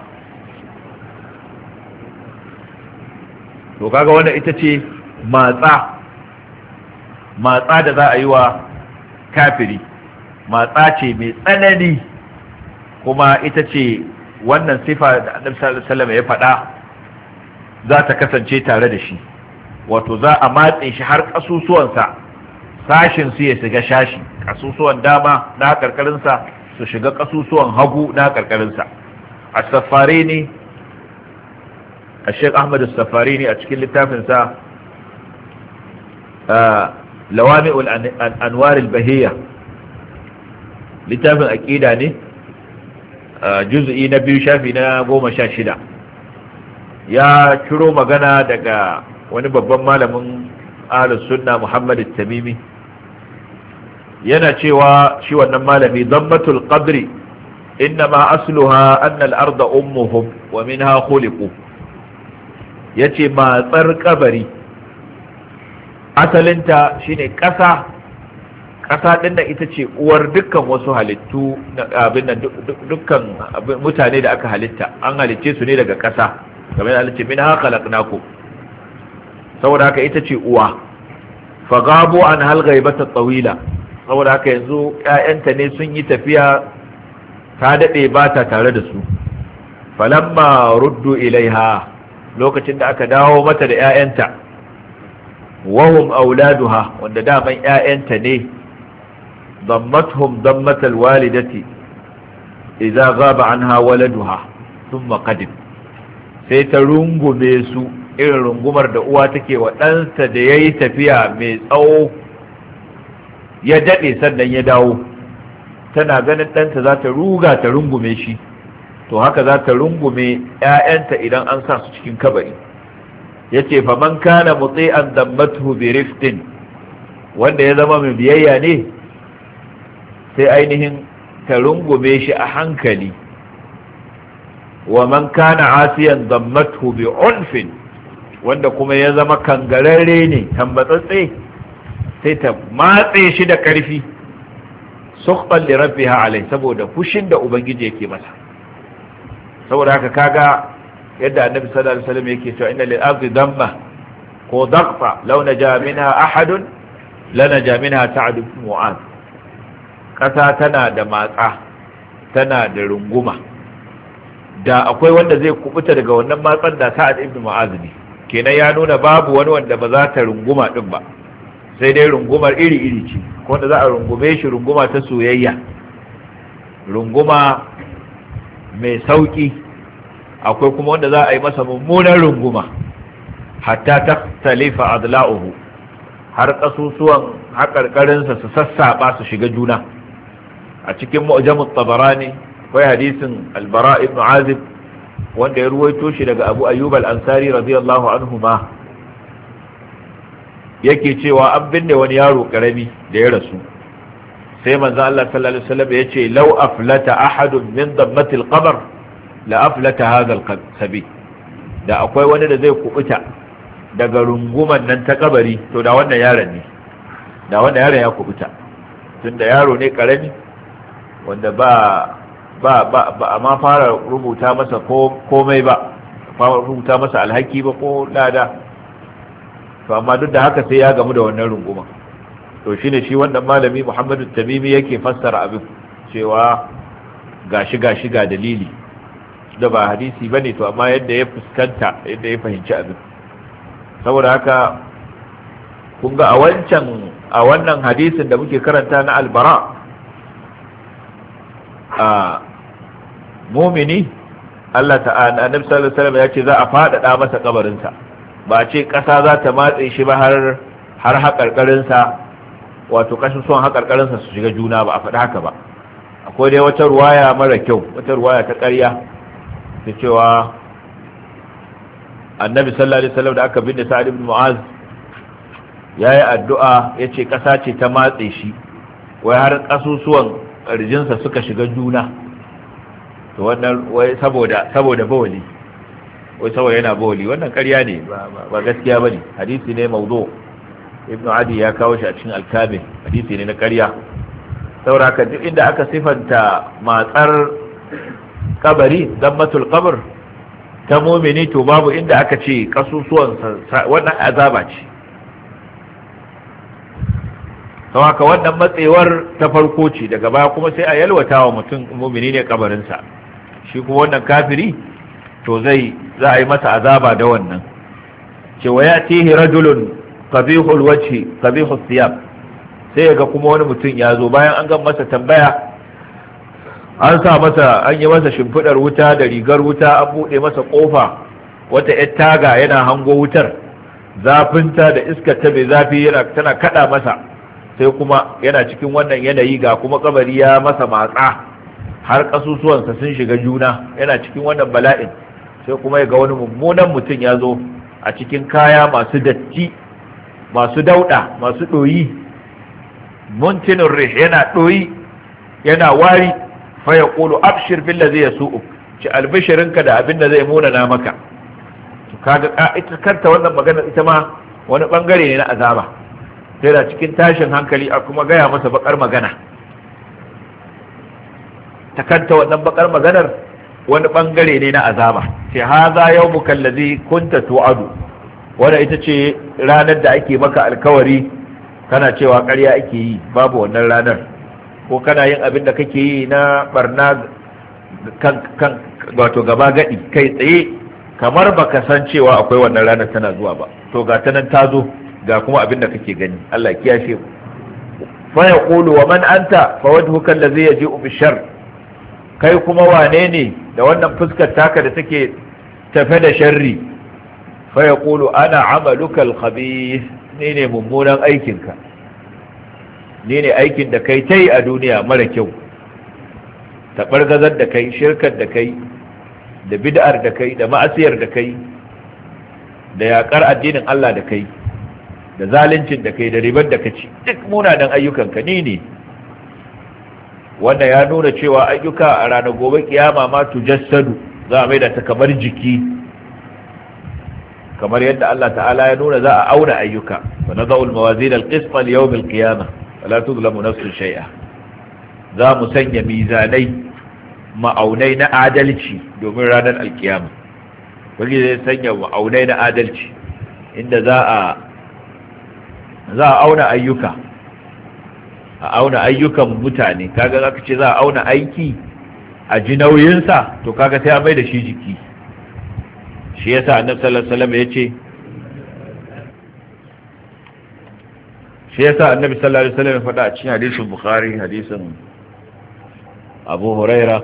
S2: to kaga wanda ita ce matsa matsa da za a yi wa kafiri matsa ce mai tsanani kuma ita ce wannan sifa da annabi sallallahu ya faɗa za ta kasance tare da shi wato za a matse shi har ƙasusuwansa sashin su ya shiga shashi ƙasusuwan dama na karkarinsa su shiga ƙasusuwan hagu na karkarinsa a safare ne a sheik ahmad safari a cikin littafinsa lawami anwar bahiyya littafin aƙida ne juz'i na biyu shafi na goma sha shida ya ciro magana daga wani babban malamin ahlus sunna muhammad tamimi yana cewa shi wannan malami zammatul qadri inna ma asluha anna al-arda ummuhum wa minha khuliqu ya ce matsar kabari asalinta shine ƙasa ƙasa ɗin da ita ce uwar dukkan wasu halittu abin nan dukkan mutane da aka halitta an halicce su ne daga ƙasa kamar da halicce min haka laƙnaku saboda haka ita ce uwa fagabo an halgai bata tsawila saboda haka yanzu ƴaƴanta ne sun yi tafiya ta daɗe ba ta tare da su falamma ruddu ilaiha lokacin da aka dawo mata da 'ya'yanta wahum auladuha wanda daman 'ya'yanta ne dammatuhum dammatal walidati idza ghaba anha waladuha thumma qadim sai ta rungume su irin rungumar da uwa take wa ɗansa da yayi tafiya mai tsawo ya daɗe sannan ya dawo tana ganin ɗanta za ta ruga ta rungume shi to haka za ta rungume 'ya'yanta idan an sa su cikin kabari yace fa man kana muti'an dammatu bi riftin wanda ya zama mai biyayya ne sai ainihin ta rungume shi a hankali wa man kana asiyan zammatu bi unfin wanda kuma ya zama kangararre ne tambatsatse sai ta matse shi da karfi suqban li rabbiha alai saboda fushin da ubangiji yake masa saboda haka kaga yadda annabi sallallahu alaihi wasallam yake cewa inna lil ardi damma ko daqfa law naja minha ahadun lanaja minha mu'ad kasa tana da matsa tana da runguma da akwai wanda zai kubuta daga wannan matsan da sa'ad ibn mu'ad ne kenan ya nuna babu wani wanda ba za ta runguma din ba sai dai rungumar iri iri ce ko wanda za a rungume shi runguma ta soyayya runguma mai sauƙi, akwai kuma wanda za a yi masa mummunan runguma hatta ta talifa adla'uhu har ƙasusuwan haƙarƙarinsa su sassaɓa su shiga juna a cikin mu'jamut tabarani akwai hadisin albara ibn azib wanda ya ruwaito shi daga abu ayyub al-ansari radiyallahu anhu ma yake cewa an binne wani yaro ƙarami da ya rasu sai manzo Allah sallallahu alaihi wasallam ya ce law aflata ahadun min dammatil qamar la aflata hadha al da akwai wani da zai kubuta daga runguman nan ta kabari to da wannan yaron ne da wannan yaron ya kubuta tunda yaro ne karami wanda ba ba ba ba fara rubuta masa komai ba fara rubuta masa alhaki ba ko lada to amma duk da haka sai ya gamu da wannan runguman to shi ne shi wannan malami muhammadu tamimi yake fassara abin cewa gashi gashi ga dalili da ba hadisi bane to amma yadda ya fuskanta yadda ya fahimci abin saboda haka kun ga a wancan a wannan hadisin da muke karanta na albara a mumini Allah ta'ala annabi sallallahu alaihi wasallam ya ce za a faɗaɗa masa kabarinsa ba ce ƙasa za ta matse shi ba har har haƙarƙarinsa wato kasusuwan haƙarƙarinsa su shiga juna ba a faɗi haka ba akwai dai wata ruwaya mara kyau wata ruwaya ta ƙarya ta cewa annabi sallallahu alaihi wasallam da aka binne sa'ad ibn mu'az yayi addu'a yace ƙasa ce ta matse shi wai har kasusuwan ƙarjinsa suka shiga juna to wannan wai saboda saboda bawali wai saboda yana bawali wannan ƙarya ne ba gaskiya bane hadisi ne mawdu' ibn adi ya kawo shi a cikin alkabe hadisi ne na ƙarya ka duk inda aka sifanta matsar kabari zammatul kabar ta mumini to babu inda aka ce kasusuwan wannan azaba ce haka wannan matsewar ta farko ce daga baya kuma sai a yalwata wa mutum mumini ne kabarinsa shi kuma wannan kafiri to zai za a yi masa azaba da wannan cewa ya tihi rajulun qabihul wajhi qabihus siyab sai ga kuma wani mutum ya zo bayan an ga masa tambaya an sa masa an yi masa shimfidar wuta da rigar wuta an bude masa kofa wata yar taga yana hango wutar zafinta da iskar ta mai zafi yana tana kada masa sai kuma yana cikin wannan yanayi ga kuma kabari ya masa matsa har kasusuwansa sun shiga juna yana cikin wannan bala'in sai kuma ya ga wani mummunan mutum ya zo a cikin kaya masu datti masu Dauda, masu ɗoyi muntinin rih yana ɗoyi yana wari fa ya kulu abshir billazi yasu'u ci albishirinka da abin da zai munana maka to kaga ita karta wannan magana ita ma wani bangare ne na azaba sai da cikin tashin hankali a kuma gaya masa bakar magana ta kanta wannan bakar maganar wani bangare ne na azaba Sai haza yau mukallazi kunta tu'adu wadda ita ce ranar da ake maka alkawari kana cewa karya ake yi babu wannan ranar ko kana yin abin da kake yi na barna kan wato gaba gadi kai tsaye kamar baka san cewa akwai wannan ranar tana zuwa ba to ga ta nan ta zo ga kuma abin da kake gani Allah ya kiyashe ku fa yaqulu wa man anta fa wajhuka allazi yaji'u bi shar kai kuma wane ne da wannan fuskar taka da take tafe da sharri fa Kulu, ana amaluka al-khabith ni ne mummunan aikinka ni ne aikin da kai tai a duniya mara kyau gazar da kai shirkar da kai da bid'ar da kai da ma'asiyar da kai da yaƙar addinin Allah da kai da zaluncin da kai da ribar da kaci duk munanan ayyukanka ni ne wanda ya nuna cewa ayyuka a ranar gobe kiyama ma tujassadu za a maida ta kamar jiki kamar yadda Allah ta'ala ya nuna za a auna ayyuka wa nadha'ul mawazin al-qisma li yawm al-qiyamah fala tuzlamu nafsun shay'a za mu sanya mizanai ma'aunai na adalci domin ranar alkiyama wani zai sanya ma'aunai na adalci inda za a za a auna ayyuka a auna ayyukan mutane kaga zaka ce za a auna aiki a ji nauyinsa to kaga sai a mai da shi jiki shi yasa annabi sallallahu salam shi ya faɗa a cikin hadisin bukhari abu huraira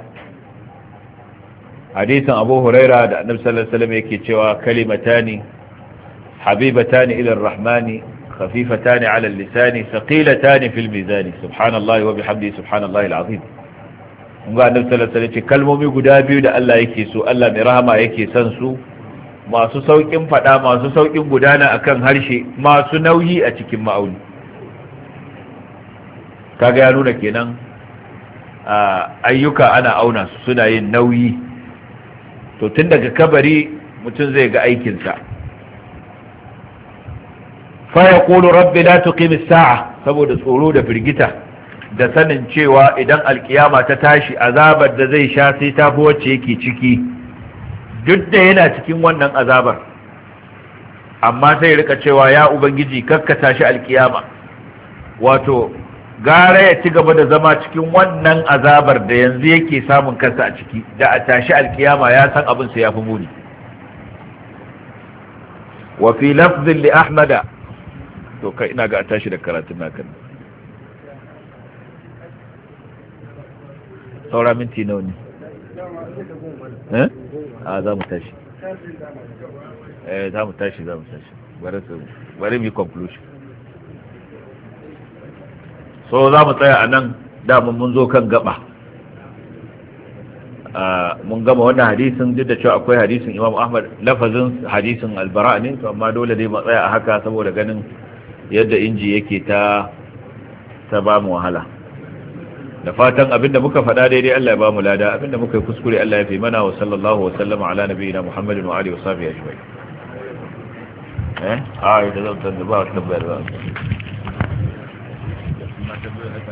S2: hadisin abu huraira da ya ke cewa wasallam yake cewa kalimatani habibatani ila arrahmani خفيفتان على اللسان ثقيلتان في الميزان سبحان الله وبحمده سبحان الله العظيم kun ga annabi salam ya ce kalmomi guda biyu da Allah yake so Allah mai rahama yake san su masu sauƙin faɗa masu sauƙin gudana a kan harshe masu nauyi a cikin ma'auni kaga ya nuna kenan ayyuka ana auna su suna yin nauyi to tun daga kabari mutum zai ga aikinsa faya kolo rabbi la tuqimi sa'a saboda tsoro da firgita da sanin cewa idan alkiyama ta tashi azabar da zai sha sai ta wacce yake ciki duk da yana cikin wannan azabar amma sai rika cewa ya ubangiji kakkata shi alkiyama wato gara ya ci gaba da zama cikin wannan azabar da yanzu yake samun kansa a ciki da a tashi alkiyama ya san abin sa yafi muni wa fi lafzin li ahmada to kai ina ga a tashi da karatun nakan saura minti nawa ne
S1: eh a za mu
S2: tashi eh za mu tashi za mu tashi bari bari conclusion so za mu tsaya a nan damun mun zo kan gaba mun gama wannan hadisin duk da cewa akwai hadisin imam ahmad lafazin hadisin albara ne to amma dole dai mu tsaya a haka saboda ganin yadda inji yake ta ta ba mu wahala da fatan abinda muka faɗa daidai Allah ya ba mu lada abinda muka yi kuskure Allah ya fi mana wa sallallahu wa sallama ala nabiyina Muhammadin wa alihi wa sahbihi ajma'in eh ai da zan tambaya ba wata tambaya ba